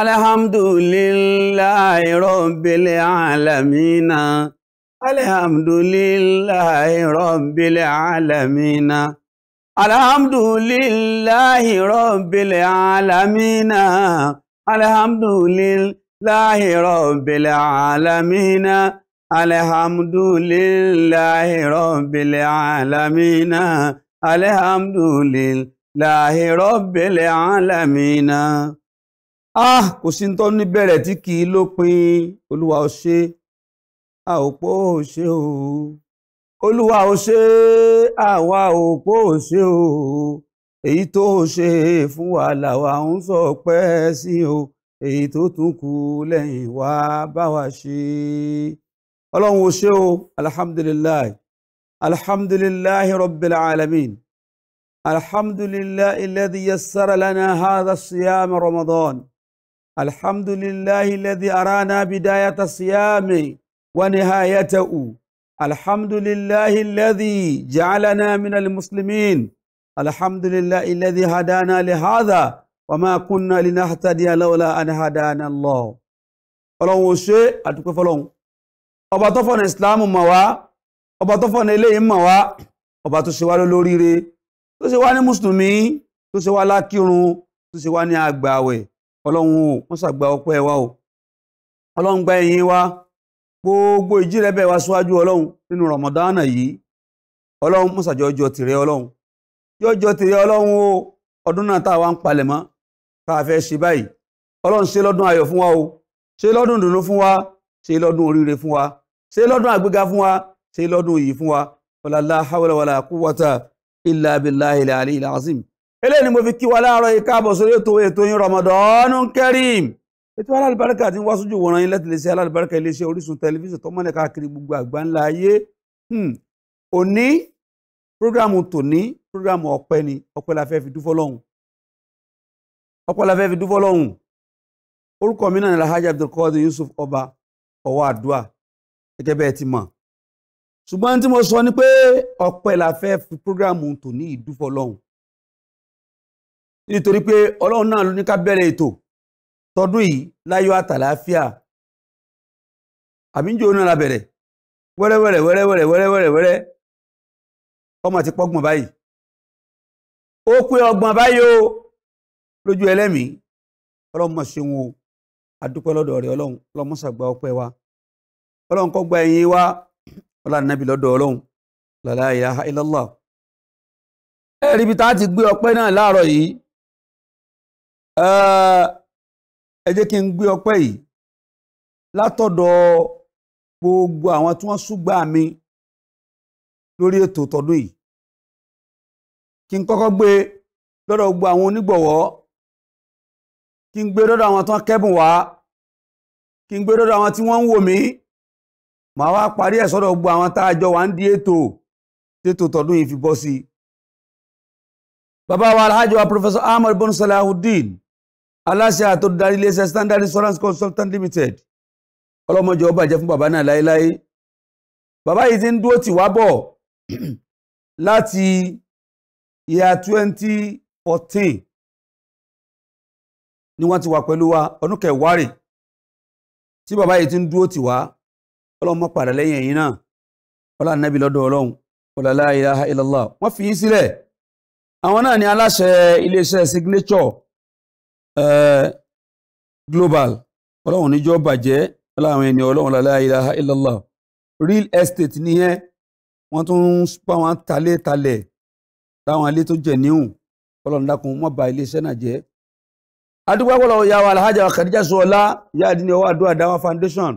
alhamdulillahi rabbil alamina alhamdulillahi rabbil alamina alhamdulillahi rabbil alamina alhamdulillahi rabbil alamina alhamdulillahi rabbil alamina alhamdulillahi rabbil alamina ah kò sí tó ní bẹ̀rẹ̀ tí kì í lópin olúwa ó ṣe a ò pó ò ṣe o olúwa ó ṣe àwa ò pó ò ṣe o èyí tó ṣe fún wa làwa ń sọ pẹ́ sí o èyí tó tún kù lẹ́yìn wá bá wa ṣe ọlọ́run ó ṣe o alhamdulilayi alhamdulilayi rabbil alamin alhamdulilayi alladhi yassara lana hadha siyam ramadan. الحمد لله الذي أرانا بداية الصيام ونهايته الحمد لله الذي جعلنا من المسلمين الحمد لله الذي هدانا لهذا وما كنا لنهتدي لولا أن هدانا الله ọlọ́run ò ṣe àdúpẹ́ fọlọ́run ọba tó fọ̀nà ìsìláàmù mọ̀ wá ọba tó fọ̀nà eléyìí mọ̀ wá ọba tó ṣe wá lólóríire tó ṣe wá ní mùsùlùmí tó ṣe wá lákírun tó ṣe wá ní àgbàwẹ̀ ọlọ́run o wọ́n ṣàgbà ọpẹ́ wa o ọlọ́run gba ẹ̀yìn wa gbogbo ìjírẹ́bẹ̀ wa síwájú ọlọ́run nínú rọ̀mọ̀dánà yìí ọlọ́run mọ́sàjọ́ ọjọ́ tìrẹ ọlọ́run yọjọ́ tìrẹ ọlọ́run o ọdún náà tá a wá ń palẹ̀ mọ́ a ṣe báyìí ọlọ́run ṣe lọ́dún ayọ̀ fún wa o ṣe lọ́dún dùnú fún wa ṣe lọ́dún oríire fún wa ṣe lọ́dún àgbéga fún wa ṣe lọ́dún eléyìí ni mo fi kí wa láàárọ̀ yìí káàbọ̀ sórí ètò ètò yín Ramadan Kareem ètò alálùbáríkà tí ń wá sójú wòran yín láti lè ṣe alálùbáríkà iléeṣẹ́ Orísun tẹlifíṣàn tó mọ́lẹ̀ káàkiri gbogbo àgbáńlá ayé hmm. òní prógrámù tòní prógrámù ọpẹ́ ni ọpẹ́ la fẹ́ fi dúfọ́ lọ́hùn ọpẹ́ la fẹ́ fi dúfọ́ lọ́hùn orúkọ mi náà ni Alhaji Abdulkadir Yusuf Ọba ọwọ́ àdúà gẹ́gẹ́ bẹ́ẹ̀ ti mọ̀ ṣùgbọ́n tí mo sọ ni pé ọpẹ́ la fẹ́ fi prógrámù tòní ìdúfọ́ lọ́hùn nítorí pé ọlọ́run náà ló ní ká bẹ̀rẹ̀ ètò tọdún yìí láyọ̀ àtàlàáfíà àmìjò náà la bẹ̀rẹ̀ wẹ́rẹ́wẹ́rẹ́ wẹ́rẹ́wẹ́rẹ́ wẹ́rẹ́wẹ́rẹ́ wẹ́rẹ́ ọmọ ti pọ́gbọ̀n báyìí ó pé ọgbọ̀n báyìí o lójú ẹlẹ́mìí ọlọ́run mọ̀ ṣeun o adúpẹ́ lọ́dọ̀ wa ọlọ́run kọ́ wa ọlọ́run lọ́dọ̀ ọlọ́run tá a ti gbé ọpẹ́ náà ẹ jẹ́ kí n gbé ọpẹ́ yìí látọ̀dọ̀ gbogbo àwọn tí wọ́n ṣúgbà mi lórí ètò tọdún yìí kí n kọ́kọ́ gbé lọ́dọ̀ gbogbo àwọn onígbọ̀wọ́ kí n gbé lọ́dọ̀ àwọn tán kẹ́bùn wá kí n gbé lọ́dọ̀ àwọn tí wọ́n ń wò mí màá wá parí ẹ̀ sọ́dọ̀ gbogbo àwọn tá a jọ wà ń di ètò tètò tọdún yìí fi bọ́ sí i bàbá wa alhaji wa professor ahmed bin salahuddin aláṣẹ àtòdarí iléeṣẹ́ standard insurance consultant limited ọlọ́mọjọ ọba jẹ́ fún bàbá náà láéláé bàbá yìí ti ń dúró tì wá bọ̀ láti year 2014 ni wọ́n ti wà pẹ̀lú wa ọdún kẹwàá rè tí bàbá yìí ti ń dúró tì wá ọlọ́mọ padà lẹ́yìn ẹ̀yìn náà Eh, global ọlọ́run níjọ́ bàjẹ́ láwọn ẹni ọlọ́run la ilaha illallah real estate nìyẹn wọ́n tún ń bá wọn talé talẹ̀ táwọn ilé tó jẹ̀ níhùn ọlọ́run dákun mọ́ ba iléeṣẹ́ náà jẹ́. adúgbò ọlọ́run yà wà alhaja Khadija sọlá ìyá àdínní ọwọ́ àdúrà dáwà foundation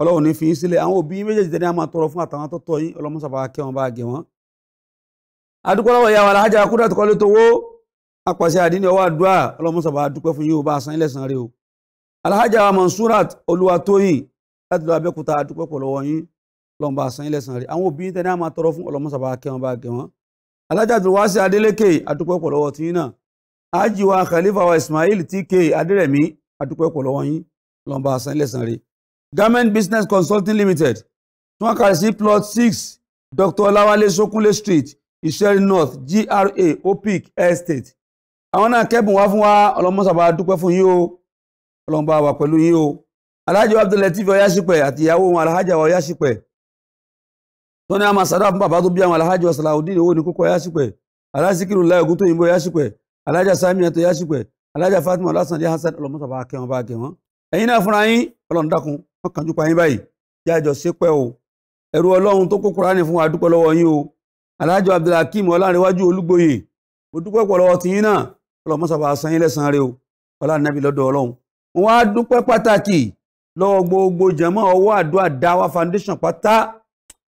ọlọ́run ní fi í sílẹ̀ àwọn òbí méjèèjì tẹ́lẹ̀ àmọ́ tọrọ fún àtàwọn tó tọ́ yín ọlọ́mọ sábà kẹ́ wọn bá gẹ̀ wọ́n. adúgbò ọlọ́run yà wà alhaja kúrẹ́tù kọ́lé tówó apàṣẹ àdínní ọwọ́ àdúrà ọlọ́mọsàbà dúpẹ́ fún yín o bá san ilẹ̀ rẹ o alhaja mansurat olúwatóyìn láti lọ abẹ́kúta dúpẹ́ pọ̀ lọ́wọ́ yín ọlọ́mọ bá san ilẹ̀ san rẹ àwọn òbí tẹ́lẹ̀ àmà tọrọ fún ọlọ́mọsàbà kẹwọn bá gẹ̀ wọ́n alhaja abdulwasi adúpẹ́ pọ̀ lọ́wọ́ tiyín náà aji wa khalifa wa ismail tk aderemi adúpẹ́ pọ̀ lọ́wọ́ yín ọlọ́mọ bá san ilẹ̀ rẹ garment business consulting limited tí wọ́n kàrí sí plot six dr lawale sokunle street ìṣẹ́rin north gra opic estate àwọn náà kẹ́bùn wá fún wa ọlọ́mọ́sàbà dúpẹ́ fún yín o ọlọ́mọba wà pẹ̀lú yín o aláàjì Abdulateef Ọ̀yáṣípẹ̀ àti ìyàwó wọn aláàjà Ọ̀yáṣípẹ̀ tó ní a máa sàdá fún bàbá tó bí àwọn aláàjì Salaudeen owó ní kókó Ọ̀yáṣípẹ̀ aláṣíkìrù láì ògùn tó yìnbó Ọ̀yáṣípẹ̀ aláàjà Sàmíyà tó Ọ̀yáṣípẹ̀ aláàjà Fatima ọlásàndé Hasan ọlọ́mọsàbà akẹ́wọn bá akẹ́wọn ẹ̀yin náà fúnra yín Ọlọ́run dákun wọn kàn jú báyìí jájọ ṣépẹ́ ọlọ́mọ sábà san yín lẹ́sàn-án rẹ o ọlá nàbí lọ́dọ̀ ọlọ́run wọn á dúpẹ́ pàtàkì lọ́wọ́ gbogbo jẹ̀mọ́ ọwọ́ àdúrà dáwà foundation pátá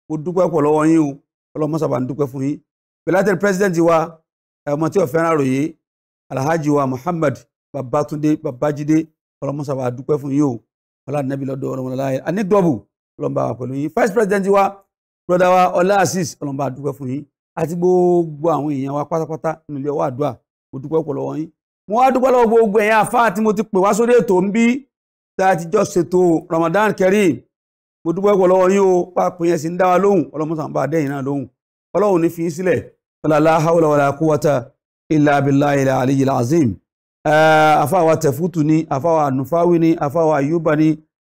mo dúpẹ́ pọ̀ lọ́wọ́ yín o ọlọ́mọ sábà ń dúpẹ́ fún yín belated president wa ọmọ tí ọ̀fẹ́ rárò yìí alhaji wa muhammad babatunde babajide ọlọ́mọ sábà dúpẹ́ fún yín o ọlá nàbí lọ́dọ̀ ọlọ́run láyé anigdọ́bù ọlọ́mọ bá pẹ̀lú yín first president wa brother wa ọlá asis ọlọ́mọ bá dúpẹ́ fún yín àti gbogbo àwọn èèyàn wa pátápátá nílé ọwọ́ àdúrà mo dúpẹ́ pọ̀ lọ́wọ́ yín mo wá dúpẹ́ lọ́wọ́ gbogbo ẹ̀yin àfáà tí mo ti pè wá sórí ètò ń bí ti jọ ṣètò Ramadan Kareem mo dúpẹ́ pọ̀ lọ́wọ́ yín o pàápàá yẹn sì ń dá wa lóhùn ọlọ́mọsàn bá dẹ́yìn náà lóhùn ọlọ́run ní fi í sílẹ̀ la haúlá wàlá quwwata illa billahi al-aliyyil azim àfáà wa tẹ̀fútù ni àfáà wa nùfáwí ni àfáà wa àyùbá ni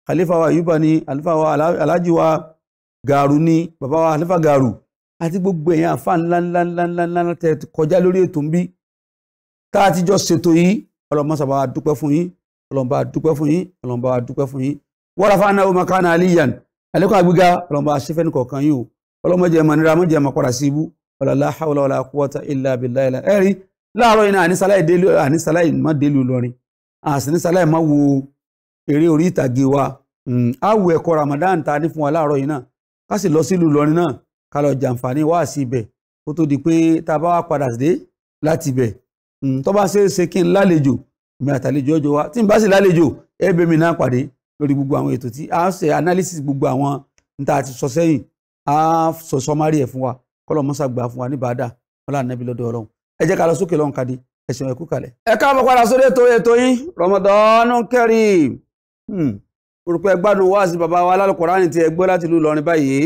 khalifa wa àyùbá ni àlífà wa aláàjì wa gàrú ni bàbá wa àlífà gàrú àti gbogbo ẹ̀yin àfáà ńláńláńláńlá tẹ̀ kọjá lórí ètò ń bí tá a ti jọ ṣètò yìí ọlọ́mọsà bá wa dúpẹ́ fún yín ọlọ́mọba dúpẹ́ fún yín ọlọ́mọba dúpẹ́ fún yín warafa náà ó máa ká náà aliyan àlékún àgbéga ọlọ́mọba ṣẹfẹ́ nìkọ̀ọ̀kan yìí o ọlọ́mọdé ẹ̀mọ́ nira mọ́jẹ́ ẹ̀mọ́ padà sí ibú ọ̀làlá hawla wala quwwata illa billahi ilà ẹ̀rí láàárọ̀ yìí náà ànísàláì má délu lọrin àsìnísàláì má wo eré orí ìtàgé wa àwọ̀ hmm, ẹ̀kọ́ Ramadan ta ní fún wa láàárọ̀ yìí náà Hmm, tó bá ṣeé ṣe kí n lálejò mi àtàlejò ọjọ́ wa tí n bá sì lálejò ẹ bẹ̀ mi náà pàdé lórí gbogbo àwọn ètò tí a ṣe analysis gbogbo àwọn níta àti sọ sẹ́yìn a sọ sọmárì ẹ̀ fún wa kọ́lọ̀ mọ́sá gbà fún wa ní bàdà ọlá nẹ́bí lọ́dọ̀ ọlọ́run ẹ jẹ́ ká lọ sókè lọ́hùn kadì ẹ̀sìn ẹ̀kú kalẹ̀. ẹ káàbọ̀ padà sórí ètò ètò yín Ramadanu Kareem hmm, orúkọ ẹgbàdùn wáàsí bàbá wa lálùkùránì tí ẹ gbọ́ láti ìlú Ìlọrin báyìí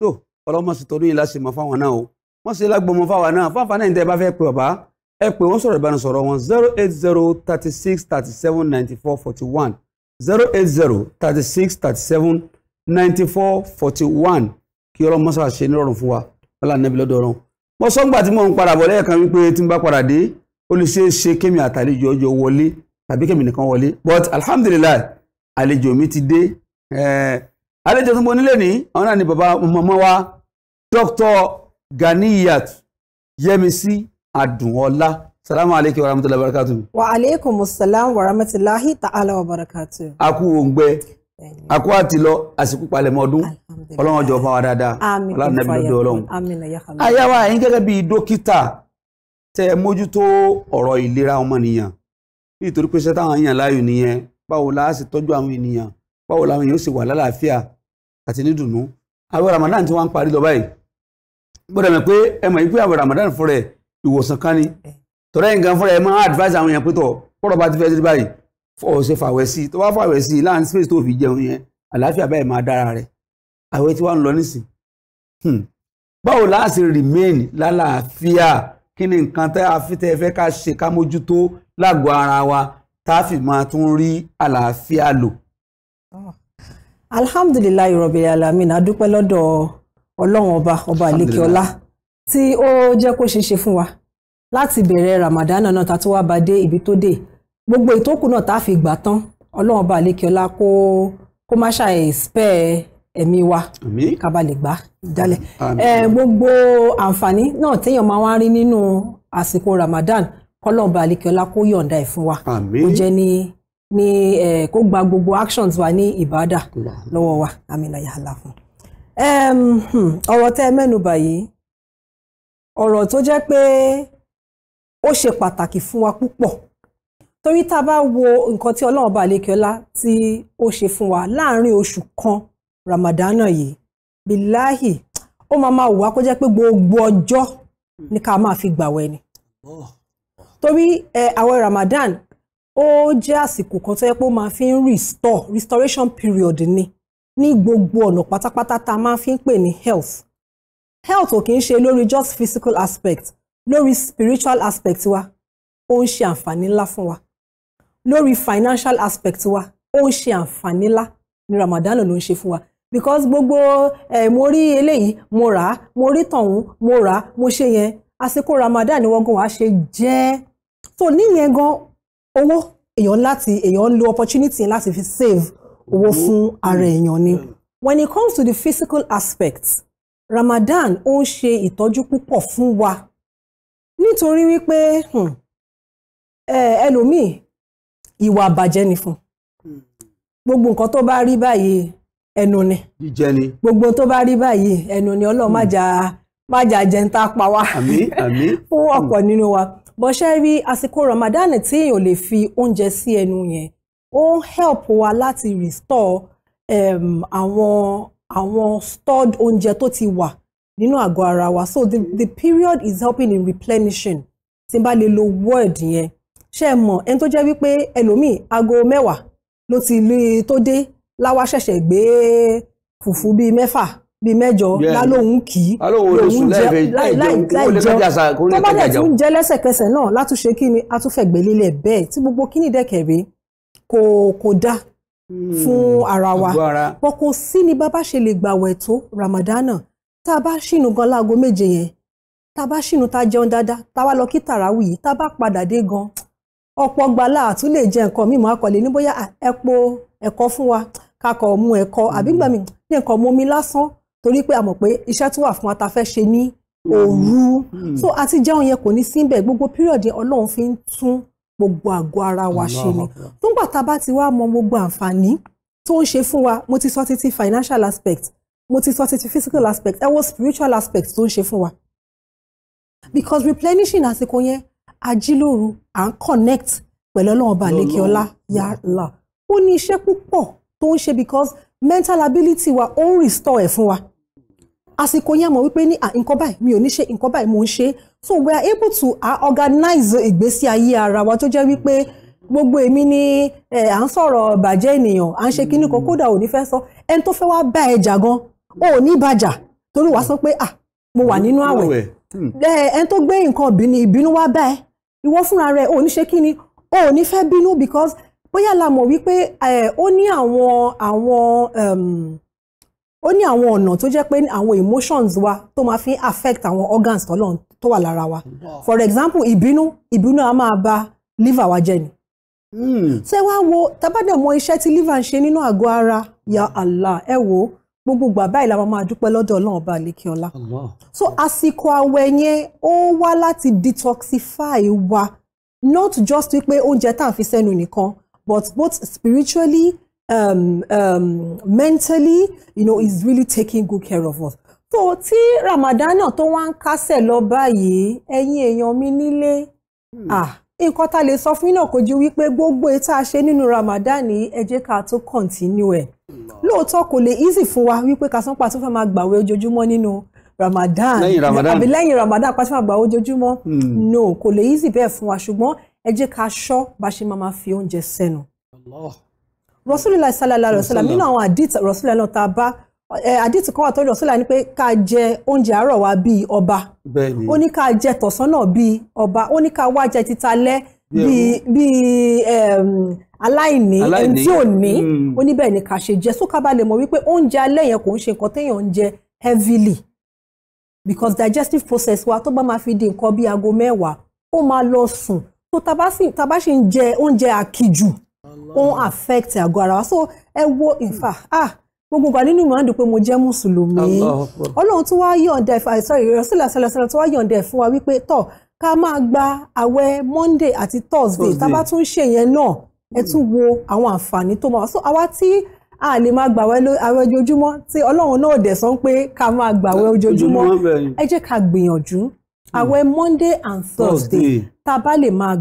tó ọlọ́mọ sì tọdún yìí láṣìmọ̀ fáwọn náà o wọ́n sì lágbọ́mọ fáwọn náà fáfáà náà ní tẹ́ ẹ bá fẹ́ pe bàbá ẹ pè wọ́n sọ̀rọ̀ ìbánisọ̀rọ̀ wọn zero eight zero thirty six thirty seven ninety four forty one zero eight zero thirty six thirty seven ninety four forty one kí ọlọ́run mọ́sá ṣe nírọ̀rùn fún wa wọ́n là nẹ́bí lọ́dọ̀ ọ̀run. mo sọ ńgbà tí mò ń padà bọ̀ lẹ́ẹ̀kan wípé tí n bá padà dé ó lè ṣeé ṣe kémi àtàlejò ọjọ́ wọlé tàbí kémi nìkan wọlé but alhamdulilayi àlejò mi ti dé àlejò tó ń bọ̀ ní àwọn ni bàbá mọ̀mọ́ wa Dr. Ganiyat Yẹmisí adùnọlá salamu aleykum warahmatullahi rahmatulahi wa barakatu. warahmatullahi taala salam wa rahmatulahi ta'ala wa barakatu. a kú òǹgbẹ a kú àtìlọ àsìkò palẹ̀mọ́ ọdún ọlọ́run ọjọ́ fún wa dáadáa ọlọ́run nàbí lọ́dọ̀ ọlọ́run. àyàwó àyín gẹ́gẹ́ bíi dókítà tẹ mójútó ọ̀rọ̀ ìlera ọmọnìyàn nítorí pé iṣẹ́ táwọn èèyàn láàyò nìyẹn báwo la ṣe tọ́jú àwọn ènìyàn báwo làwọn èèyàn ṣe wà lálàáfíà àti nídùnnú àwẹ̀ Ramadan tí wọ́n ń parí lọ báyìí gbọ́dọ̀ mọ̀ pé ẹ mọ̀ yìí pé àwẹ̀ Ramadan fúnra ẹ̀ ìwòsàn kan ni tọ́lá nǹkan fúnra ẹ̀ máa advise àwọn èèyàn pé tọ̀ pọ́rọ̀ bá ti fẹ́ sí báyìí fọ́ ọ ṣe fàwẹ̀ sí tó bá fàwẹ̀ sí láàrin space tó fi jẹun yẹn àlàáfíà báyìí máa dára rẹ̀ àwẹ̀ tí wàá ń lọ nísìn hmm. báwo láàṣì remain lálàáfíà kí ni nǹkan tá a fi tẹ́ fẹ́ ká ṣe ká mójútó lágọ̀ọ́ ara wa tá a fi máa tún rí àlàáfíà lò. Ah. alhamdulilayi rabbil alamin adúpẹ́ lọ́dọ̀ ọlọ́run ọba ọba àlékè tí ó jẹ́ kó ṣeé ṣe fún wa láti bẹ̀rẹ̀ Ramadan náà ta tó wá ba dé ibi tó dé gbogbo ìtókù náà tá a fi gbà tán ọlọ́run ọba àlékiọlá kó kó má ṣàì spẹ́ ẹ̀mí wa ká ba lè gbogbo àǹfààní náà téèyàn máa wá rí nínú àsìkò Ramadan kọ́lọ́run ọba àlékiọlá kó yọ̀ǹda ẹ̀ fún wa ó jẹ́ ní ní kó gba gbogbo actions wa ní ìbádà lọ́wọ́ wa amínà yàrá fún hmm, ọ̀rọ̀ tẹ́ ẹ mẹ́nu báyìí ọ̀rọ̀ tó jẹ́ pé ó ṣe pàtàkì fún wa púpọ̀ torí tá a bá wo nǹkan tí ọlọ́run bá lékè ọlá tí ó ṣe fún wa láàárín oṣù kan ramadana yìí bilahi ó máa máa wà kó jẹ́ pé gbogbo ọjọ́ ní ká máa fi gbàwẹ̀ ni torí ẹ àwẹ̀ ramadan ó jẹ́ àsìkò kan tó yẹ pé ó máa fi ń restore restoration period ni ní gbogbo ọ̀nà pátápátá tá a máa fi ń pè ní health health ò kì í ṣe lórí just physical aspect lórí spiritual aspect wa ó ń ṣe àǹfààní ńlá fún wa lórí financial aspect wa ó ń ṣe àǹfààní ńlá ní Ramadan ló ń ṣe fún wa because gbogbo eh, mo rí eléyìí mo rà á mo rí tọ̀hún mo rà á mo ṣe yẹn àsìkò Ramadan ni wọ́n gan wàá ṣe jẹ́ so níyẹn gan owó èèyàn láti èèyàn lo opportunity láti fi save owó fún ara èèyàn ni when it comes to the physical aspects. Ramadan ó ń ṣe ìtọ́jú púpọ̀ fún wa nítorí wípé hmm, ẹlòmíì ìwà àbàjẹ́ ni fún gbogbo nǹkan tó bá rí báyìí ẹnu ni gbogbo tó bá rí báyìí ẹnu ni ọlọ́run má hmm. jà má jà jẹ́ ń tá pa wá fún ọ̀pọ̀ hmm. nínú wa bó ṣe rí àsìkò Ramadan tí èèyàn lè fi oúnjẹ sí ẹnu yẹn ó ń help wa láti restore um, àwọn àwọn stored oúnjẹ tó ti wà nínú àgọ́ ara wa so the, the period is helping in replenishing tí n bá lè lo word yẹn ṣe é mọ̀ ẹni tó jẹ́ wípé ẹlòmíì aago mẹ́wàá ló ti lè tó dé láwa ṣẹ̀ṣẹ̀ gbé fùfú bíi mẹ́fà bíi mẹ́jọ lálóhùn kì í lòún jẹ láì jẹun tó bá dẹ̀ tún jẹ lẹ́sẹ̀kẹsẹ̀ náà látúnṣe kí ni atúfẹ̀gbẹ́lélẹ̀ bẹ́ẹ̀ tí gbogbo kí ni dẹ̀kẹ̀rẹ́ kò kò dáa Hmm. fún ara wa wọn kò sí ni bàbá ṣe lè gbàwẹ̀ tó ramadana tá a bá ṣìnú gan láago méje yẹn tá a bá ṣìnú tá a jẹun dáadáa tá a wá lọ kí tàràwì yìí tá a bá padà dé gan ọ̀pọ̀ gbalá àtún lè jẹ nǹkan mímọ́ akọ̀lẹ̀ ní bóyá ẹ̀pọ̀ ẹ̀kọ́ fún wa kakọ̀ mu ẹ̀kọ́ hmm. àbí gbà mí ní nǹkan mu omi lásán torí pé a mọ̀ pé iṣẹ́ tó wà fún wa ta fẹ́ ṣe ní hmm. òru so àti jẹun yẹn kò ní síbẹ̀ gbogbo pírọ̀dì ọlọ́run fi ń tún gbogbo àgọ́ ara wa ṣe ni nígbà tá a bá ti wá mọ gbogbo àǹfààní tó ń ṣe fún wa mo ti sọ títí financial aspect mo ti sọ títí physical aspect ẹ wo spiritual aspect tó ń ṣe fún wa because replenishing àsìkò yẹn ajílóru à ń connect pẹ̀lú ọlọ́run ọba àlékè ọlá yàrá ó ní iṣẹ́ púpọ̀ tó ń ṣe because mental ability wa ó ń restore ẹ̀ fún wa àsìkò yẹn mọ̀ wípé ní nǹkan báyìí mi ò ní ṣe nǹkan báyìí mò ń ṣe so we are able to uh, organize ìgbésí ayé ara wa tó jẹ́ wípé gbogbo èmi ni à ń sọ̀rọ̀ bàjẹ́ ènìyàn à ń ṣe kíní kan hmm. kódà ò ní fẹ́ sọ ẹni tó fẹ́ wá bá ẹ jà gan ò ní bàjà torí wàá sọ pé ah mo wà nínú àwẹ̀ hmm. ẹni tó gbé nǹkan ìbínú ìbínú wá bá ẹ ìwọ fúnra rẹ ò ní ṣe kíni ò ní fẹ́ bínú because bóyá la mọ̀ wípé ó ní àwọn àwọn ó ní àwọn ọ̀nà tó jẹ́ pé àwọn emotions wa tó máa fi affect àwọn organs tọ́lọ̀ tó wà lára wa for example ìbínú ìbínú a máa ba liver wa jẹ́ ni. Hmm. ṣé wàá wo tábàdàn mọ iṣẹ́ tí liver ń ṣe nínú àgọ́ ara ya Allah ẹ wo gbogbo ìgbà báyìí la máa máa dúpẹ́ lọ́dọ̀ ọlọ́run ọba àlékíọ́lá. so àsìkò àwẹ̀ yẹn ó wá láti detoxify wa not just wípé oúnjẹ tá à ń fi sẹ́nu nìkan but both spiritually um, um, mentally you know is really taking good care of us. tó tí Ramadan náà tó wá ń kásẹ̀ lọ báyìí ẹ̀yin èèyàn mi nílé hmm. ah, nǹkan tá a lè sọ fún yín náà kò ju wípé gbogbo ètò àṣẹ nínú Ramadan ẹ jẹ́ ká tó continue ẹ̀ lóòótọ́ kò lè easy fún wa wípé kásánpà tó fẹ́ máa gbàwẹ̀ ojoojúmọ́ nínú Ramadan àbí lẹ́yìn Ramadan pàṣẹ máa gbàwẹ̀ ojoojúmọ́ hmm. no kò lè easy bẹ́ẹ̀ fún wa ṣùgbọ́n ẹ jẹ́ ká ṣọ́ bá ṣe máa fi oúnjẹ sẹ́nu rasulillah sallallahu alayhi sallam nínú àwọn àdìtì rasulillah náà tá a bá àdìtì eh, kan wà tó rasulillah ní pé ká jẹ oúnjẹ àárọ̀ wa bíi ọba ó ní ká jẹ tọ̀sán náà bíi ọba ó ní ká wá jẹ títalẹ́ bíi bíi aláìní ẹni tí ò ní hmm. ó ní bẹ́ẹ̀ ni ká ṣe jẹ sókà bá lè mọ̀ wípé oúnjẹ alẹ́ yẹn kò ń ṣe nǹkan téèyàn ń jẹ heavily because digestive process wa tó bá máa fi di nǹkan bíi aago mẹ́wàá ó máa lọ sùn tó tá bá ń jẹ oúnjẹ àkìjù ó ń affect àgọ́ ara wa so ẹ wo in hmm. fact ah gbogbo ìgbà nínú ìmọ̀ràn pé mo jẹ́ mùsùlùmí ọlọ́run tó wá yọ̀ǹda ẹ̀ ah, sorry ìrọ̀sílẹ̀ sẹlẹ̀sẹlẹ̀ tó wá yọ̀ǹda ẹ̀ fún wa wípé tọ̀ ká máa gba awe, monday àti thursday tá bá tún ṣe yẹn náà ẹ tún hmm. wo àwọn àǹfààní tó máa wá so àwa tí a lè máa gbàwẹ̀ àwẹ̀ ojoojúmọ́ tí ọlọ́run náà dẹ̀ sọ pé ká máa gbàwẹ̀ ojoojúmọ́ ẹ jẹ́ ká gbìyànjú hmm. àwẹ̀ monday and thursday tá a bá lè máa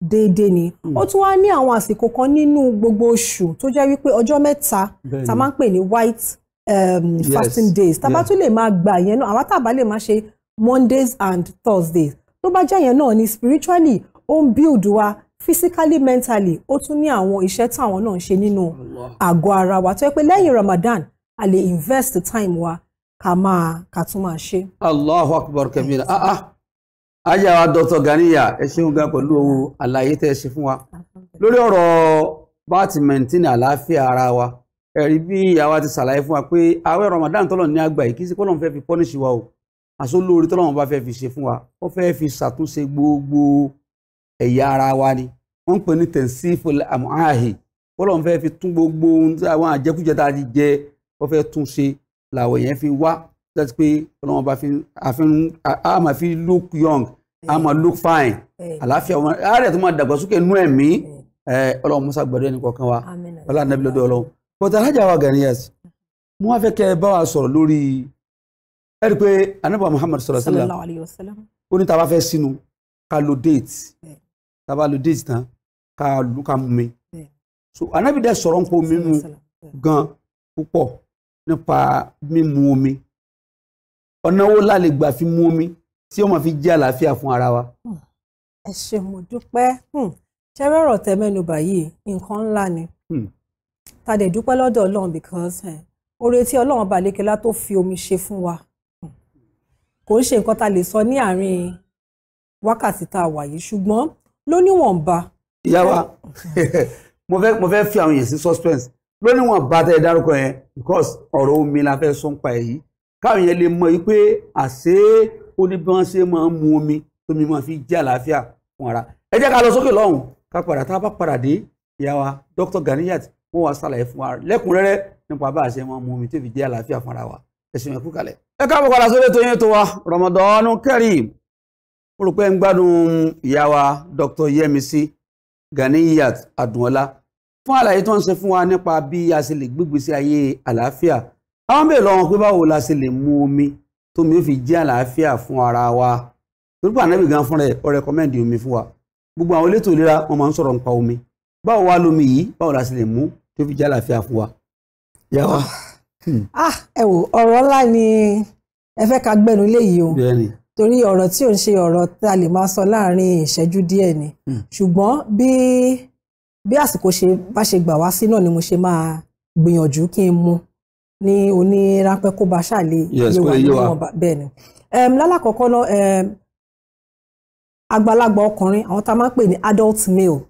déédéé ni hmm. ó tún wá ní àwọn àsìkò kan nínú gbogbo oṣù tó jẹ́ wípé ọjọ́ mẹ́ta tá máa ń pè ní white um, yes. fasting days tá bá tún lè máa gbà yẹn náà àwọn tàbá lè máa ṣe Mondays and Thursdays tó bá jẹ́ yẹn náà ni spiritually ó ń build wa physically mentally ó tún ní àwọn iṣẹ́ táwọn náà ń ṣe nínú àgọ́ ara wa tó yẹ pé lẹ́yìn Ramadan a lè invest time wa ká máa ká tún máa ṣe. Allahu Akbar kabira ah ah ajá wa Dr. Ganiya ẹ ṣeun ga pẹ̀lú àlàyé tẹ́ ẹ ṣe fún wa lórí ọ̀rọ̀ bá ti maintain àlàáfíà ara wa ẹ̀rí bí àwa ti ṣàlàyé fún wa pé àwẹ̀ Ramadan tọ́lọ̀ ní àgbà yìí kì í sí kọ́lọ́n fẹ́ fi pọ́nìṣì wa o àsólórí tọ́lọ́wọ́n bá fẹ́ fi ṣe fún wa ó fẹ́ fi ṣàtúnṣe gbogbo ẹ̀yà ara wa ni wọ́n ń pè ní tẹ̀sífò àwọn àjẹkújẹ tá a ti look young a máa look fine eh. àlàáfíà ọmọ àárẹ̀ tó máa dàgbàsókè nú ẹ̀mí eh. Eh, ọlọ́run musa gbàdúrà ẹni kọ̀ọ̀kan wa ọlọ́run anabi lọ́dọ̀ ọlọ́run but alájà wa Ghaniyas mo wá fẹ́ kẹ́ ẹ bá wa sọ̀rọ̀ lórí ẹ rí i pé anabi Muhammad sallallahu alaihi wasallam ó ní tá a bá fẹ́ sínú ká lo date tá a bá lo date tán ká lu ká mú mi so anabi dẹ sọ̀rọ̀ nǹkan omi mu gan púpọ̀ nípa mímu omi ọ̀nà wo la gbà fi mu omi tí ó máa fi jẹ́ àlàáfíà fún ara wa. Hmm. ẹ ṣe mo dúpẹ́ hmm. ṣé tẹ mẹ́nubà yìí nǹkan ńlá ni hmm. ta dẹ̀ dúpẹ́ lọ́dọ̀ ọlọ́run because eh, oore tí ọlọ́run balẹ̀kẹ́lá tó fi omi ṣe fún wa kò ń ṣe nǹkan ta lè sọ ní àárín wákàtí tá a wà yìí ṣùgbọ́n lóníwọ̀nba. ìyá wa mo fẹ́ fi àwọn èèyàn sí suspense lóníwọ̀nba tẹ́ ẹ dárúkọ yẹn because ọ̀rọ̀ omi la fẹ́ sọ́npa ẹ̀ yìí káwọn yẹn lè mọ yìí pé àṣé ó ní bí wọ́n ṣe máa ń mu omi tómi máa fi jẹ́ àlàáfíà fún ara ẹ jẹ́ ká lọ sókè lọ́hùn ká padà tá a bá padà dé ìyá wa Dr. Ganiyat wọ́n wá ṣàlàyé fún wa lẹ́kùnrẹ́rẹ́ nípa bá a ṣe máa ń mu omi tó fi jẹ́ àlàáfíà fún ara wa ẹ ṣé mẹ́kú kalẹ̀. ẹ káàbọ̀ padà sórí ètò yẹn tó wa Ramadan Kareem mo rò pé ń gbádùn ìyá wa Dr. Yemisi Ganiyat Adunola fún àlàyé tó ń ṣe fún wa nípa bí a ṣe lè gbígbèsè ayé àlàáfíà àwọn bèèrè lọ́wọ́ pé báwo la ṣe lè mu omi tómi ó fi jẹ́ àlàáfíà fún ara wa torípò ànábì gan fúnra ẹ̀ ó rẹkọmẹ́ndì omi fún wa gbogbo àwọn elétò ìlera wọn máa ń sọ̀rọ̀ nípa omi báwo wá lómi yìí báwo la sì lè mú tó fi jẹ́ àlàáfíà fún wa. Hmm. ah ẹ wo ọ̀rọ̀ ńlá ni ẹ fẹ́ ká gbẹnu léyìí o torí ọ̀rọ̀ tí ò ń ṣe ọ̀rọ̀ tá a lè máa sọ láàrin ìṣẹ́jú díẹ̀ ni hmm. ṣùgbọ́n bí bí àsìkò ṣe bá ṣe gbà wá sí náà ni mo ṣe máa gbìyànjú kí n mu ní oní ráńpẹ́ kó bá ṣàlè yé wa bẹ́ẹ̀ ni lálàkọ́kọ́ náà àgbàlagbà ọkùnrin àwọn tá a máa ń pè ní adult male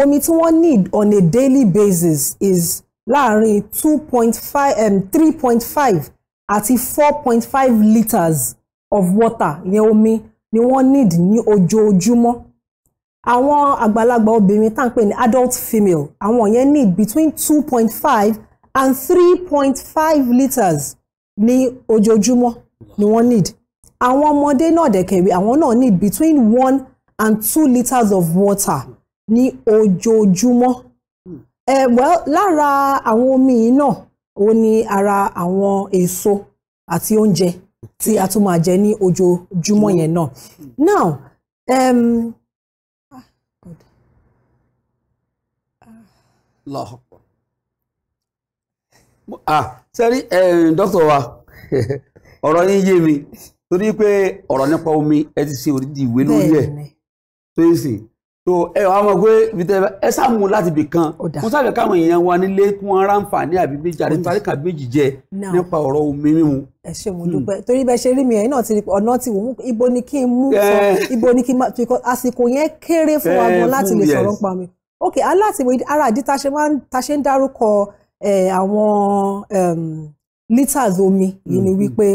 omi tí wọ́n need on a daily basis is láàrin two point five um three point five àti four point five litres of water ìyẹn omi ni wọ́n need ní ojoojúmọ́ àwọn àgbàlagbà obìnrin tá à ń pè ní adult female àwọn yẹn need between two point five and three point five litres ní ojoojúmọ́ ni wọ́n need àwọn ọmọdé náà dẹ̀kẹ̀wé àwọn náà need between one and two litres of water ní ojoojúmọ́ eh, well lára àwọn omi yìí náà ó ní ara àwọn èso àti oúnjẹ tí a tún máa jẹ ní ojoojúmọ́ yẹn náà now um, Allahu ah sẹ́rí dókítà wa ọ̀rọ̀ yín yé mi torí pé ọ̀rọ̀ nípa omi ẹ ti ṣe òdìdí ìwé lórí ẹ̀ tó yẹ sí tó ẹ wàá mọ̀ pé vitamin ẹ sàmú láti ibì kan mo sábẹ̀ káwọn èèyàn wa nílé kí wọ́n ráǹfààní àbí méjì àti nítorí kà méjì jẹ nípa ọ̀rọ̀ omi mímu. ẹ ṣe mo hmm. dúpẹ́ torí bẹ́ẹ̀ ṣe rí mi ẹ̀yin náà ti ọ̀nà tí wò ó ibo ni kí n mú sọ ibo ni kí n má àsìkò yẹn kéré fún wa gan láti lè sọ̀rọ̀ pa mi. ok aláàtìwé ara àdí ta ṣe ń dárúkọ àwọn litres omi yìí ni mm-hmm. wípé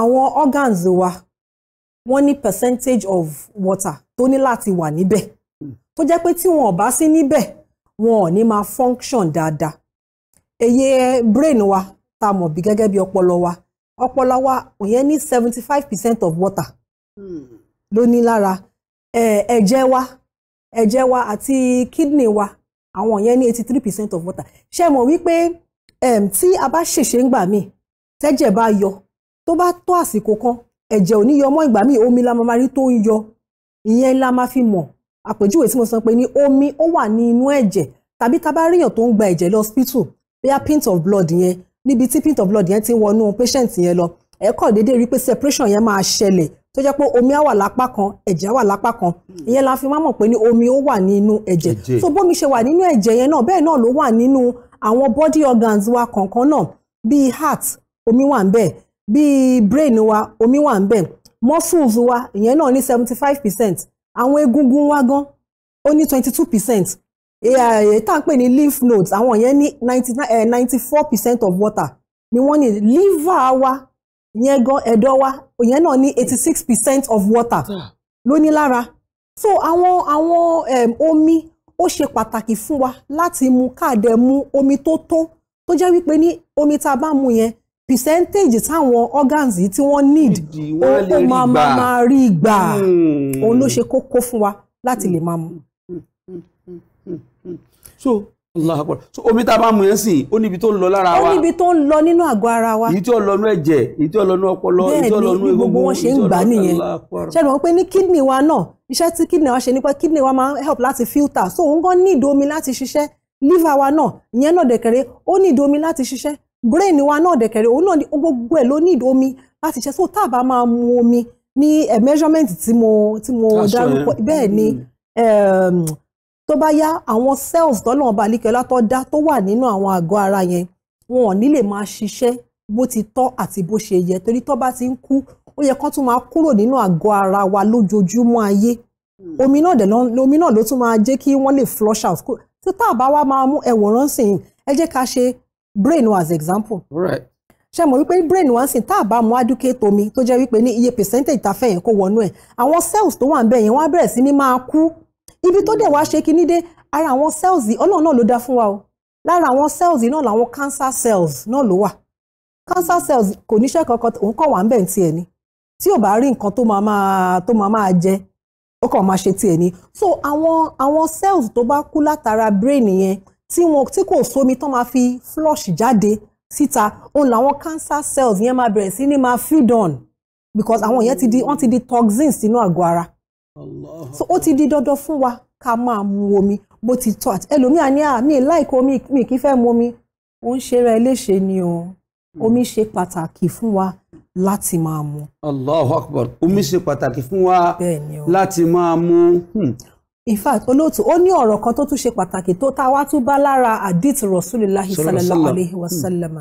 àwọn organs wa wọ́n ní percentage of water tó ní láti wà níbẹ̀ mm. tó jẹ́ pé tí wọn ò bá sí níbẹ̀ wọn ò ní máa function dáadáa èyí brain wa tá a mọ̀ bí gẹ́gẹ́ bí ọpọlọ wa ọpọlọ wa òyẹn ní seventy five percent of water mm. ló ní lára ẹ̀jẹ̀ wa ẹ̀jẹ̀ wa àti kidney wa àwọn yẹn ní eighty three percent of water ṣé mọ̀ wípé ehm, tí a bá ṣèṣe ń gbà míì tẹ́jẹ̀ bá yọ tó bá tó àsìkò kan ẹ̀jẹ̀ ò ní yọ mọ́ ìgbà míì omi la máa rí tó ń yọ ìyẹn la máa fi mọ̀ àpèjúwe tí mo sọ pé ní omi ó wà ní inú ẹ̀jẹ̀ tàbí tá a bá ríyàn tó ń gba ẹ̀jẹ̀ lọ hospital bóyá pint of blood yẹn níbi tí pint of blood yẹn ti wọnú patient yẹn lọ ẹ kò déédéé rí pé separation yẹn máa ṣẹlẹ̀ tó jẹ́ pé omi á wà lápá kan ẹ̀jẹ̀ á wà lápá kan ìyẹn la fi máa mọ̀ pé ní omi ó wà nínú ẹ̀jẹ̀ so bómi ṣe wà nínú ẹ̀jẹ̀ yẹn náà bẹ́ẹ̀ náà ló wà nínú àwọn body organs wa kọ̀ọ̀kan náà bíi heart omi wà ń bẹ̀ bíi brain wa omi wà ń bẹ̀ muscles wa ìyẹn náà ní seventy five percent àwọn egungun wa gan ó ní twenty two percent tá à ń pè ní lymph nodes àwọn yẹn ní eh, ninety four percent of water ni wọ́n ní liver wa yẹn gan ẹ̀dọ̀ wa òyìn náà ní eighty six percent of water hmm. ló ní lára so àwọn àwọn um, omi ó ṣe pàtàkì fún wa láti mu káàdẹ̀ mu omi tó tó tó jẹ́ wípé ní omi tá a bá mu yẹn percentage táwọn organs yìí tí wọ́n need ó máa máa rí gbà hmm. òun ló ṣe kókó fún wa láti lè máa mu. so Allah so omi tá a bá mu yẹn sìn ó níbi tó ń lọ lára wa ó níbi tó ń lọ nínú àgọ́ ara wa èyí tí ó lọ nú ẹ̀jẹ̀ èyí tí ó lọ nú ọpọlọ èyí tí ó lọ nú egungun bẹ́ẹ̀ ni gbogbo wọn ṣe ń gbà nìyẹn ṣe mọ̀ pé ní kídìnì wa náà iṣẹ́ tí kídìnì wa ṣe nípa kídìnì wa máa help láti filter so òun gan ní ìdomi láti ṣiṣẹ́ liver wa náà ìyẹn náà dẹ̀kẹ̀rẹ̀ ó ní ìdomi láti ṣiṣẹ́ brain wa náà dẹ̀kẹ̀rẹ̀ òun náà gbogbo tó bá yá àwọn cells tọ́lọ̀ ọba àlíkẹ́lá tó dá tó wà nínú àwọn àgọ́ ara yẹn wọn ò ní lè máa ṣiṣẹ́ bó ti tọ́ àti bó ṣe yẹ torí tó bá ti ń kú ó yẹ kán tún máa kúrò nínú àgọ́ ara wa lójoojúmọ́ ayé hmm. omi náà dẹ̀ omi náà ló tún máa jẹ́ kí wọ́n lè flush out tí tá a bá wá máa mú ẹ̀wòrán sìn ẹ jẹ́ ká ṣe brain wa as example ṣe mọ̀ wípé brain wa ń sìn tá a bá mú adúkètò omi tó jẹ́ wípé ní iye percentage tá a fẹ́ yẹn kó wọnú ẹ̀ àwọn cells tó wà ń bẹ̀ yẹn wọ́n á bẹ̀rẹ̀ sí ní máa kú ibi tó dẹ̀ wá ṣe kinní dé ara àwọn cells ọlọ́run náà ló dá fún wa o lára àwọn cells náà làwọn cancer cells náà ló wà cancer cells kò níṣẹ́ kankan òun kàn wà ń bẹ̀ ń tiẹ̀ ni tí ò bá rí nǹkan tó máa tó máa jẹ ó kàn máa ṣe tiẹ̀ ni so àwọn àwọn cells tó bá kú látara brain yẹn tí wọn tí kò sómi tán máa fi flush jáde síta òun làwọn cancer cells yẹn máa bẹ̀rẹ̀ sí ní máa feed on because àwọn yẹn ti di wọ́n ti di toxins sínú àgọ́ ara so ó ti di dandan fún wa ká máa mu omi bó ti tọ́ àti ẹlòmíà ní àmì ah, láìka omi mi kì í fẹ́ mu omi ó ń ṣe ra eléṣe ni o hmm. omi ṣe pàtàkì fún wa láti máa mu. Allahu Akbar omi ṣe pàtàkì fún wa láti máa mu. Hmm. in fact olóòtú ó ní ọ̀rọ̀ kan tó tún ṣe pàtàkì tó tá wá tún bá lára hadith rasulillahi sallallahu alayhi wa sallam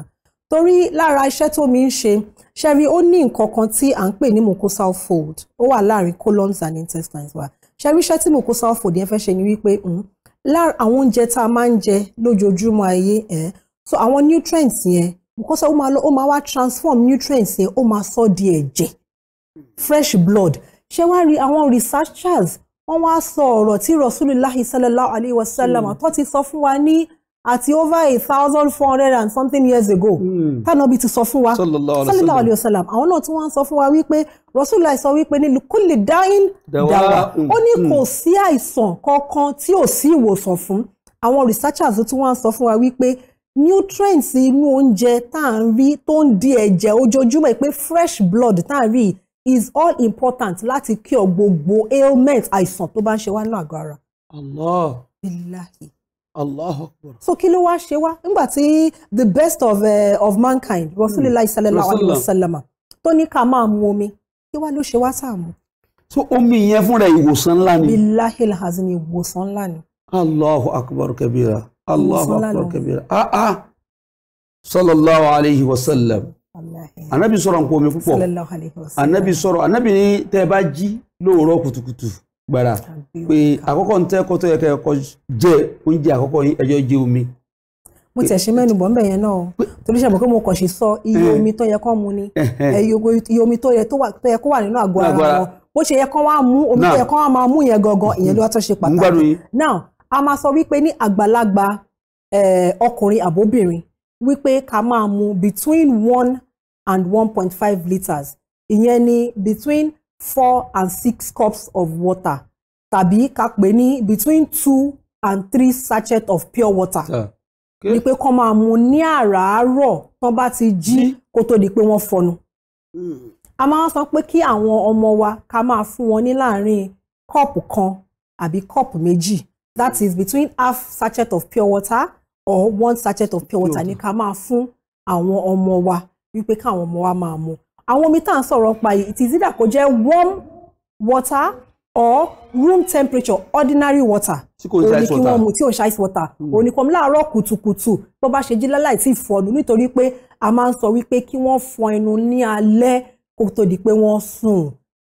torí lára iṣẹ́ tó mi ń ṣe ṣẹ́rí ó ní nǹkan kan tí à ń pè ní mucosal fold ó wà láàrin colons and intestines wa ṣẹ́rí iṣẹ́ tí mucosal fold yẹn fẹ́ ṣe ni wípé hmm, lára àwọn oúnjẹ tá a máa ń jẹ lójoojúmọ́ ayé eh, so àwọn nutrients yẹn mucosal ó máa lọ ó máa wá transform nutrients yẹn ó máa sọ di ẹ̀jẹ̀ fresh blood ṣé wàá rí àwọn researchers wọ́n wá sọ ọ̀rọ̀ tí Rasulullahi sallallahu alayhi wa sallam hmm. tó ti sọ fún wa ní àti over a thousand four hundred and something years ago hmm. tánàbí ti sọ fún wa sallallahu alayhi wa sallam àwọn náà tí wọ́n ń sọ fún wa wípé rasulillah sọ wípé ní kulli da'in dawa hmm. ó ní kò hmm. sí àìsàn kankan tí ò sí ìwòsàn fún àwọn researchers tí wọ́n ń sọ fún wa wípé nutrients inú oúnjẹ tá à ń rí tó ń di ẹ̀jẹ̀ ojoojúmọ́ pé fresh blood tá à ń rí is all important láti kí ọ gbogbo ailment àìsàn tó bá ń ṣe wá ní àgọ́ ara. Allah so kí ló wá ṣe wá nígbà tí the best of, uh, of mankind rasulillah hmm. sallallahu alayhi wa sallam tó ní ká máa mu omi kí wá ló ṣe wá sáà mu. so omi yẹn fúnra ìwòsàn ńlá ni. bilahi alhazi ìwòsàn ńlá ni. allahu akbar kabira allahu akbar kabira ah ah sallallahu alayhi wa sallam anabi sọ̀rọ̀ nǹkan omi púpọ̀ anabi sọ̀rọ̀ anabi ni tẹ́ ẹ bá jí lóòrọ̀ kùtùkùtù gbàrà pé àkọ́kọ́ ń tẹ́kọ́ tó yẹ kẹ́ ẹ̀kọ́ jẹ oúnjẹ àkọ́kọ́ yín ẹjọ́ jẹ omi. mo tẹ̀ ṣe mẹ́nu bọ̀ ń bẹ̀ yẹn náà torí ṣàbọ̀ pé mo kàn ṣe sọ iye eh. omi tó yẹ kán mu ni iye omi tó yẹ kó wà nínú àgọ́ ara wọn bó ṣe yẹ kán wá mú omi tó yẹ kán wá máa mú yẹn gangan ìyẹn ló wá tó ṣe pàtàkì now a máa sọ wípé ní àgbàlagbà ọkùnrin àbóbìnrin wípé ká máa mu between one and one point five litres ìyẹn ni between four and six cups of water tàbí ká pè ní between two and three sachet of pure water ah, ni pé kán máa mu ní àràárọ̀ tán bá ti jí kó tó di pé wọ́n fọnu. Hmm. a máa sọ pé kí àwọn ọmọ wa ká máa fún wọn ní láàárín kọ́ọ̀pù kan àbí kọ́ọ̀pù méjì that is between half sachet of pure water or one sachet of pure water ni ká máa fún àwọn ọmọ wa wípé káwọn ọmọ wa máa mu àwọn omi tá à ń sọ̀rọ̀ pa yìí it is either kó jẹ́ warm water or room temperature ordinary water òní kí wọ́n water. tí ò ń ṣe ice water hmm. òní kan láàárọ̀ kùtùkùtù tó bá ṣe jí láláì tí fọ̀nù nítorí pé a máa ń sọ wípé kí wọ́n fọ ẹnu ní alẹ́ kó tó di pé wọ́n sùn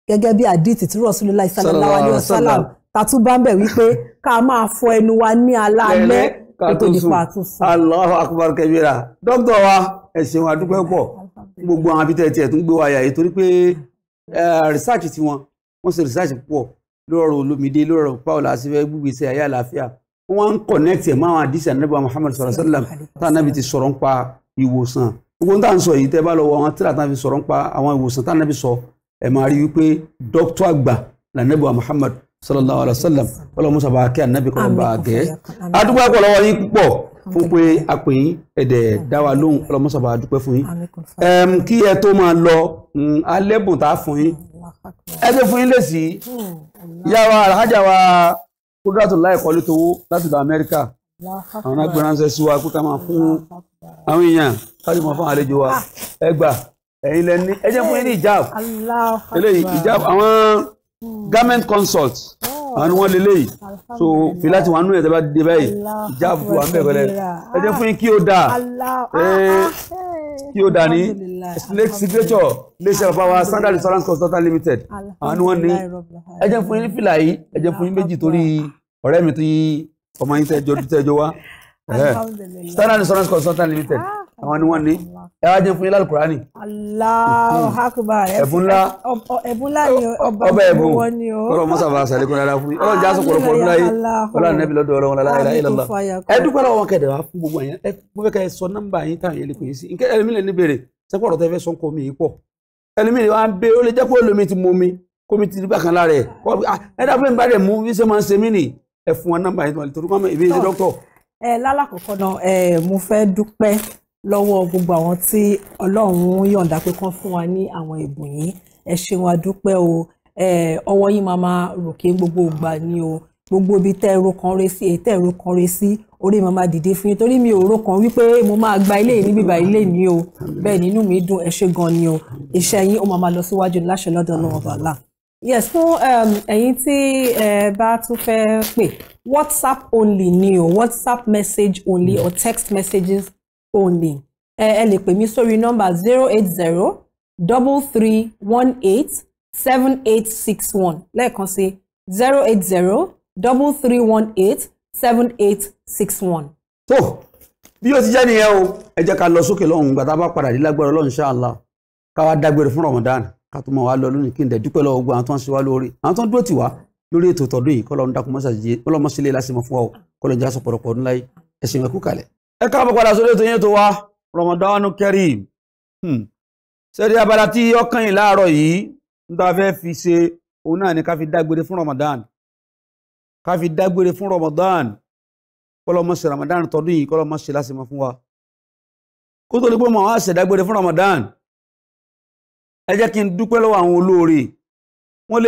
gẹ́gẹ́ bí àdìtì tí Rasulullah sallallahu alaihi wasallam tàtú bá ń bẹ̀ wípé ká máa fọ ẹnu wa ní alálẹ́ kó tó di pa àtúnṣe. Allahu akbar kabira dókítà wa ẹ ṣé wa dúpẹ́ pọ̀ gbogbo àwọn abitẹ́ tiẹ̀ tún gbé wáyà yìí torí pé research ti wọn wọ́n ṣe research púpọ̀ lọ́rọ̀ olómìdé lọ́rọ̀ paul asifẹ́ gbígbèsè ayé àlàáfíà wọ́n wá ń connect ẹ̀ mọ́ àwọn àdìsí ànábì muhammad sallallahu alaihi wasallam tá ànábì ti sọ̀rọ̀ ń pa ìwòsàn gbogbo tá à ń sọ yìí tẹ́ bá lọ wọ àwọn tíra tá à ń fi sọ̀rọ̀ ń pa àwọn ìwòsàn tá ànábì sọ ẹ̀ máa rí wípé dókítà àgbà lànàbì muhammad sallallahu alaihi wasallam ọlọ́mùsàbà kí ànábì kọ́ fún pé a pè yín ẹ̀dẹ̀ dá wa lóhùn ọlọ́mọsàbà dúpẹ́ fún yín kí ẹ tó máa lọ mm, alẹ́bùn tá a fún yín ẹ tó fún yín lèsì hmm, ìyá wa alhaja wa Kúdírátùláì Kọ́lítowó láti ìlú Amẹ́ríkà àwọn agbẹ̀ránṣẹ́ sí wa kúkà máa fún àwọn èèyàn kájú mọ́ fún àlejò wa ah. ẹ gbà ẹ̀yin lẹ́ni ẹ jẹ́ fún yín ní ìjáàbù eléyìí ìjáàbù àwọn hmm. garment consult àwọn ni wọ́n lé so fìlà tí wọ́n nú ẹ̀ tẹ́ bá dé báyìí jáàbù wà ń bẹ̀ ẹ jẹ́ fún yín kí ó dáa kí ó dáa ní signature iléeṣẹ́ bàbá wa standard insurance consultant limited àwọn ni wọ́n ní ẹ jẹ́ fún yín fìlà yìí ẹ jẹ́ fún yín méjì torí ọ̀rẹ́ mi tó ọmọ yín tẹ́jọ́ wá standard insurance consultant limited. Ah àwọn ni wọ́n ní ẹ wá jẹ́ fún yín lálùkùránì. Allahu hmm. Akbar ẹ̀bùn ńlá ẹ̀bùn ńlá ni ọba ẹ̀bùn wọn ni o. ọlọ́run mọ́sá bàá sàlékún rárá fún yín já sọ pọ̀lọpọ̀ ọdún láyé ọlọ́run nẹ́bí lọ́dọ̀ ọlọ́run lálẹ́ ayé lọ́lọ́ ẹ dúpẹ́ lọ́wọ́ wọn kẹ̀dẹ̀ wá fún gbogbo yẹn ẹ mo fẹ́ kẹ́ ẹ sọ nọ́mbà yín táwọn yẹn lè pè é sí nkẹ́ ẹlẹ́mí lè ní bèrè sẹ́kọ̀ ọ̀rọ̀ tẹ́ fẹ́ sọ́n komi yìí pọ̀ ẹlẹ́mí lè wá bẹ ó lè jẹ́ kó lómi ti mọ mi komi ti bá kan lára ẹ̀ ah, ẹ dàbí ẹ̀ ń bá rẹ̀ mú bí ṣe máa ń ṣe mí nì ẹ lọ́wọ́ gbogbo àwọn tí Ọlọ́run yọ̀ǹda pé kán fún wa ní àwọn ìbùn yìí ẹ ṣeun adúpẹ́ o ọwọ́ yín máa máa ròkè gbogbo ìgbà ni o gbogbo ibi tẹ́ ẹ̀rọ kan re sí èyí tẹ́ ẹ̀rọ kan re sí orí mi máa dìde fún yín torí mi ò kan wípé mo máa gba ilé yìí níbi ìbàyí lè ní o bẹ́ẹ̀ nínú mi dùn ẹ ṣe gan ni o iṣẹ́ yín ó máa máa lọ síwájú láṣẹ lọ́dọ̀ náà bàálà. yes fún um, ẹ̀yin tí ẹ bá tún fẹ́ pè whatsapp only ni o whatsapp message only or text messages Only. ẹ ẹ lè pè mí sórí nọ́mbà zero eight zero double three one eight seven eight six one lẹ́ẹ̀kan sí zero eight zero double three one eight seven eight six one. tó bí ó ti jẹ́ nìyẹn o ẹ jẹ́ ká lọ sókè lọ́hùn-ún gbàtà bá padà dé lágbára lọ́hùn-ún ṣáàlà káwá dágbére fún Ramadan ká tó mọ̀ wá lọ lónìí kí n dẹ̀ dúpẹ́ lọ́wọ́ gbogbo àwọn tó ń ṣe wá lórí àwọn tó ń dúró tì wá lórí ètò tọdún yìí kọlọ ń dákun fún wa o kọlọ ń jásọ pọ̀lọpọ̀ ọdún láyé ẹsìn ẹkú kalẹ̀. ẹ káàbọ̀ padà sórí eto yẹn tó wá Ramadan Kareem sẹ́rí hmm. abala tí ọkàn yìí láàárọ̀ yìí ń yi fẹ́ fi ṣe òun náà ni ká fi fún Ramadan kafi fi fún Ramadan kọlọmọ ṣe Ramadan tọdún kọlọ kọlọmọ ṣe lásìmọ fún wa dagwere Ramadan n dúpẹ́ lọ́wọ́ àwọn olóore wọ́n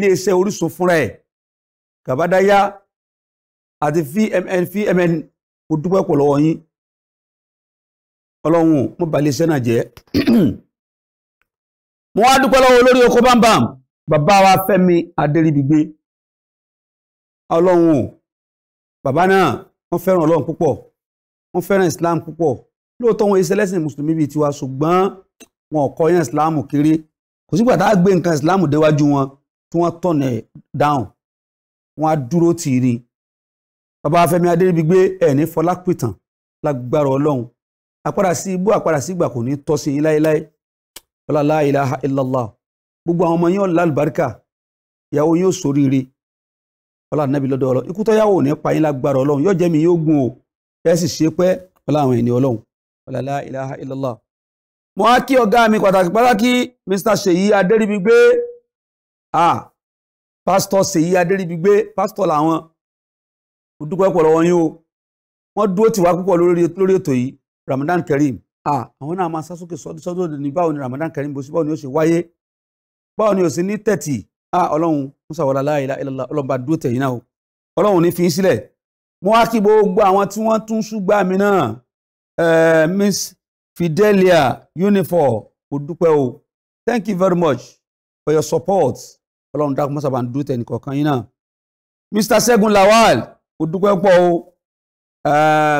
lè ṣe gàbádáyà àti vmn vmn mo dúpẹ́ pọ̀ lọ́wọ́ yín ọlọ́run mo balẹ̀ iṣẹ́ náà jẹ́ mo wá dúpẹ́ lọ́wọ́ olórí oko bámbàm bàbá wa fẹ́mi adéríbigbé ọlọ́run bàbá náà wọ́n fẹ́ràn ọlọ́run púpọ̀ wọ́n fẹ́ràn islam púpọ̀ lóòótọ́ wọn iṣẹ́ lẹ́sìn mùsùlùmí bíi tiwa ṣùgbọ́n wọn ò kọ́ yẹn islam kiri kò sígbà tá a gbé nǹkan islam déwájú wọn tí wọ́n tọ̀nà dáhùn wọ́n á dúró tì í ni bàbá Fẹ́mi Adébígbé ẹ ní fọlá pìtàn lágbára Ọlọ́run àpàdà sí ibú àpàdà sí ìgbà kò ní tọ́ sí yín láéláé ọlá la ilaha illallah gbogbo àwọn ọmọ yín ọ̀la àlùbáríkà ìyàwó yín ò sóríire ọlá nàbí lọ́dọ̀ Ọlọ́run ikú tọ́yàwó ní pa yín lágbára Ọlọ́run yóò jẹ́mi yóò gùn o ẹ sì ṣe pẹ́ ọlá àwọn ènìyàn Ọlọ́run ọlá la ilaha mo á kí ọ̀gá mi pàtàkì pàtàkì Mr. Ṣèyí Adéríbigbé ah Pastor pásítọ̀ Ṣèyí Adéríbigbé pásítọ̀ làwọn mo dúpẹ́ pọ̀ lọ́wọ́ yín o wọ́n dúró tì wá púpọ̀ lórí ètò yìí Ramadan Kareem àwọn náà máa sásókè sọ́dọ̀ ní báwo ni Ramadan Kareem bó sí báwo ni ó ṣe wáyé báwo ni ó sì ní tẹ̀tì ọlọ́run musa wàlá la ilaha illallah ọlọ́run bá dúró tẹ̀yìn náà o ọlọ́run ní fi í sílẹ̀ mo wá kí gbogbo àwọn tí wọ́n tún ṣúgbà mí náà eh, Miss Fidelia Unifor mo dúpẹ́ o thank you very much for your support ọlọ́run dákun mọ́sàbà ń dún tẹ̀ nìkọ̀ọ̀kan yín náà Mr Segun Lawal ó dúpẹ́ pọ̀ o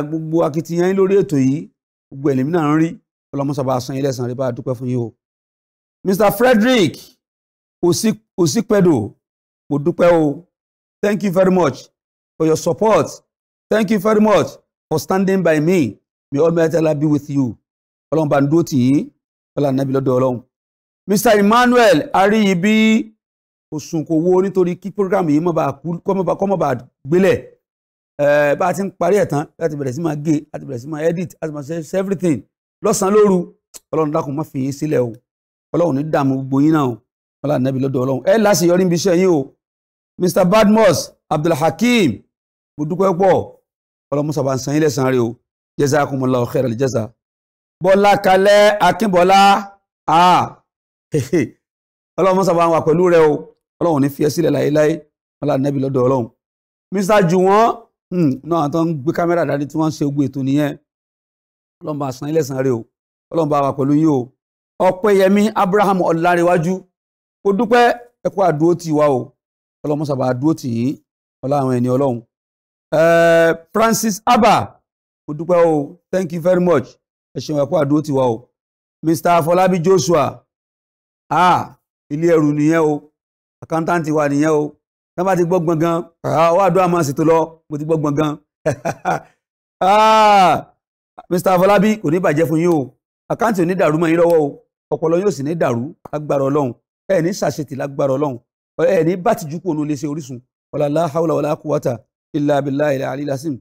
gbogbo akitiyan yín lórí ètò yìí gbogbo ẹ̀lẹ́mí náà ń rí ọlọ́run mọ́sàbà san yín lẹ́sàn-án bá a dúpẹ́ fún yín o Mr Frederick Osipẹdo ó dúpẹ́ o thank you very much for your support thank you very much for standing by me may Almighty Allah be with you ọlọ́run bá ń dúró tì yín ọlọ́run nàbí lọ́dọ̀ ọlọ́run Mr Emmanuel Ariyibi òsùn kò wo nítorí kí programu yìí kọ́ ba bá gbélẹ̀ bá a ti ba parí ẹ̀ tán láti bẹ̀rẹ̀ sí máa gé láti bẹ̀rẹ̀ sí máa edit láti máa ṣe everything lọ́sàn-án lóru ọlọ́run dákun má fi yín sílẹ̀ o ọlọ́run ní dààmú gbogbo yín náà o ọlọ́run nẹ́bi lọ́dọ̀ ọlọ́run ẹ láṣeyọrí níbi iṣẹ́ yín o Mr Badmus Abdulhakeem mo dúpẹ́ pọ̀ ọlọ́run musa bá ń san yín lẹ́sàn-án rẹ o jazakumullahu khairal jaza bọ́lá kalẹ́ akínbọ́lá ah, ọlọ́run musa bá ń wà pẹ̀lú rẹ o ọlọ́run ní fi ẹ́ sílẹ̀ láéláé wọn là nẹ́bí lọ́dọ̀ ọlọ́run mísà jù wọ́n náà tó ń gbé kámẹ́rà dání tí wọ́n ń ṣe gbé ètò nìyẹn ọlọ́run bá san ilé san rẹ̀ o ọlọ́run bá wà pẹ̀lú yín o ọpẹ́yẹmí abraham ọ̀làrẹ̀wájú kò dúpẹ́ ẹ kú àdúró tì wá o ọlọ́run sábà àdúró tì yín ọlọ́run ẹni ọlọ́run francis abba kò dúpẹ́ o thank you very much ẹ ṣeun ẹ kú àdúró tì wá o mr afọlábí joshua ah ilé ẹrù nìyẹn àkántàǹtì wa nìyẹn o tá bá ti gbọ́ gbọ̀ngàn àwọn àdúrà máa ṣètò lọ mo ti gbọ́ gbọ̀ngàn ah, Mr. Afọlábí kò ní bàjẹ́ fún yín o àkáǹtì ò ní dàrú mọ́ yín lọ́wọ́ o ọpọlọ yóò sì ní dàrú lágbára Ọlọ́run ẹ ní ṣàṣetì lágbára Ọlọ́run ẹ ní bàtìjú kò ní lè ṣe Orísun ọ̀làlá haúlà wàlá kúwàtà ilà abilà ilà alilasim.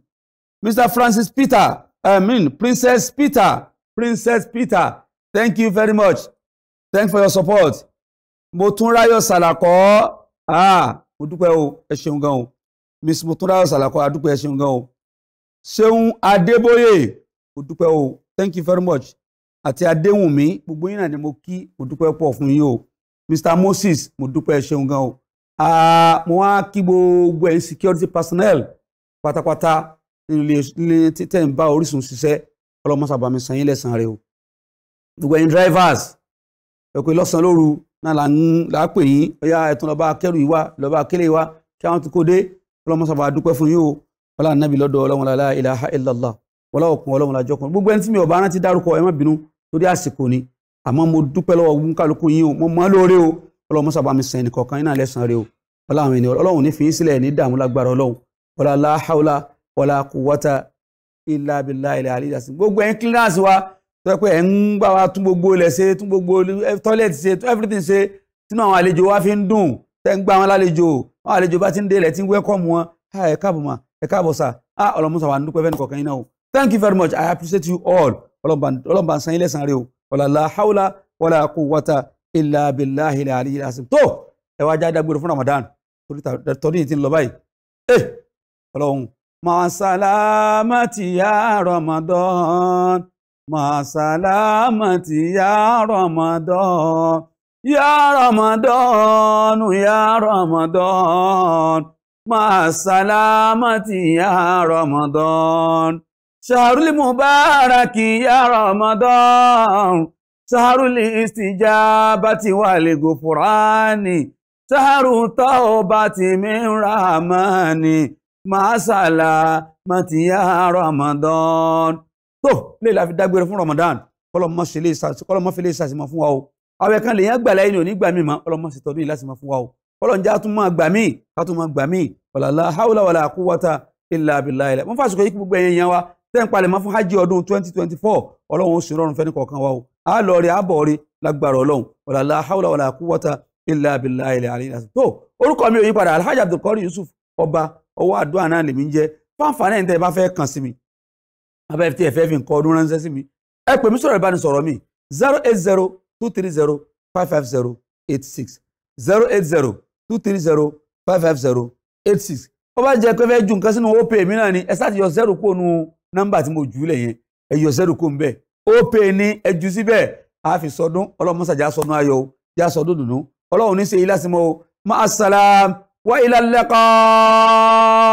Mr. Francis Peter I mean Princess Peter Princess Peter thank you very much thanks for your support Motúnráyọ̀ Sàlàkọ́ mo dúpẹ́ o ẹ ṣeun gan o Miss Motúnráyọ̀ Sàlàkọ́ a dúpẹ́ ẹ ṣeun gan o Ṣeun Adébóyè mo dúpẹ́ o thank you very much àti Adéwùnmí gbogbo yín náà ni mo kí mo dúpẹ́ pọ̀ fún yín o Mr Moses mo dúpẹ́ ẹ ṣeun gan o mo wá kí gbogbo ẹ̀yin security personnel pátápátá nílé títẹ̀ ń bá Orísun ṣiṣẹ́ ọlọ́mọ sábàmí san yín lẹ́sàn-án rẹ o gbogbo ẹ̀yin drivers ẹ kú lọ́sàn-án lóru náà là ń là á pè yín ọyá ẹtún lọba akẹrù yìí wá lọba akẹlẹ yìí wá kí àwọn tó kó dé ọlọmọ sábà dúpẹ́ fún yín o wọlá nàbí lọ́dọ̀ Ọlọ́run làlá ilaha illallah wọlá òkun Ọlọ́run làjọ kan gbogbo ẹni tí mi ò bá rántí dárúkọ ẹ má bínú torí àsìkò ni àmọ́ mo dúpẹ́ lọ́wọ́ ogun kálukú yín o mo mọ lóore o ọlọmọ sábà mi sẹyìn kọ̀ọ̀kan iná lẹsàn rẹ o wọlá àwọn ènìyàn Ọlọ́run ní fi yín sílẹ̀ ní dààmú lágbára Ọlọ́run wọlá la hawla wọlá quwwata illa billahi ilẹ àlíyàsí gbogbo ẹni kílíńdàsí wa tó yẹ pé ẹ̀ ń gbà wá tún gbogbo ilẹ̀ ṣe tún gbogbo tọ́lẹ̀tì ṣe everything ṣe tínú àwọn àlejò wa fi ń dùn tẹ́ ń gbà wọn lálejò àwọn àlejò bá ti ń dé ilẹ̀ tí ń wẹ́kọ̀mù wọn ẹ káàbọ̀ mà ẹ káàbọ̀ sà á ọlọ́mọsà wà ń dúpẹ́ fẹ́ni kọ̀ọ̀kan yín náà o thank you very much i appreciate you all ọlọ́mọba ń san ilẹ̀ san re o ọ̀làlá haúlá wàlá quwwata illa billahi aliyyil azim màsálámàtì yá rọmọdán yá rọmọdán yá rọmọdán màsálámàtì yá rọmọdán ṣàrúlì mubaraki yá rọmọdán ṣàrúlì ìsìjábàtì wàlẹ̀ gòfúránì ṣàrù tọ́ọ̀bàtì mìíràn mọ́ni màsálámàtì yá rọmọdán tó lè la fi dágbére fún Ramadan kọlọmọ fele ìsàsìmọ fún wa o àwẹ̀ kan lèyàn gbà láyé ni òní gbà mí mọ ọlọmọ sì tọdún ìlàsìmọ fún wa o kọlọǹjà tún máa gbà mí ká tún máa gbà mí wàlàlá haúlà wàlà àkúwọta ilà abilà ilẹ mo fàṣọ yìí kí gbogbo ẹ̀yin yẹn wa tẹ́ palẹ̀ mọ́ fún hajj ọdún twenty twenty four ọlọ́run sì rọrùn fẹ́ni kọ̀ọ̀kan wa o á lọ rí àbọ̀ rí lágbára ọlọ́run wàlàlá haúlà wàlà àkúwọta ilà abilà ilẹ àlẹ ìlàsì tó orúkọ mi ò yí padà alhaji abdulkadir yusuf ọba ọwọ́ àdúrà náà lèmi ń jẹ fáǹfààní ẹ̀ ń tẹ́ ẹ bá fẹ́ kàn sí mi abẹ́ ft ff nǹkan ọdún ránṣẹ́ sí mi ẹ pè mí sọ̀rọ̀ ìbánisọ̀rọ̀ mi zero eight zero two three zero five five zero eight six zero eight zero two three zero five five zero eight six ó bá jẹ́ pé fẹ́ ju nǹkan sínú opay mi náà ni ẹ sáà ti yọ zero kó nu nọ́mbà tí mo jù ú lẹ̀ yẹn ẹ yọ zero kó n bẹ́ẹ̀ opay ni ẹ jù síbẹ̀ a sọdún ọlọ́run mọ́sàjà sọnù ayọ̀ o já sọdún dùnú ọlọ́run ní ṣe ilé àsìmọ́ o máa sàlám wá ilà liqa.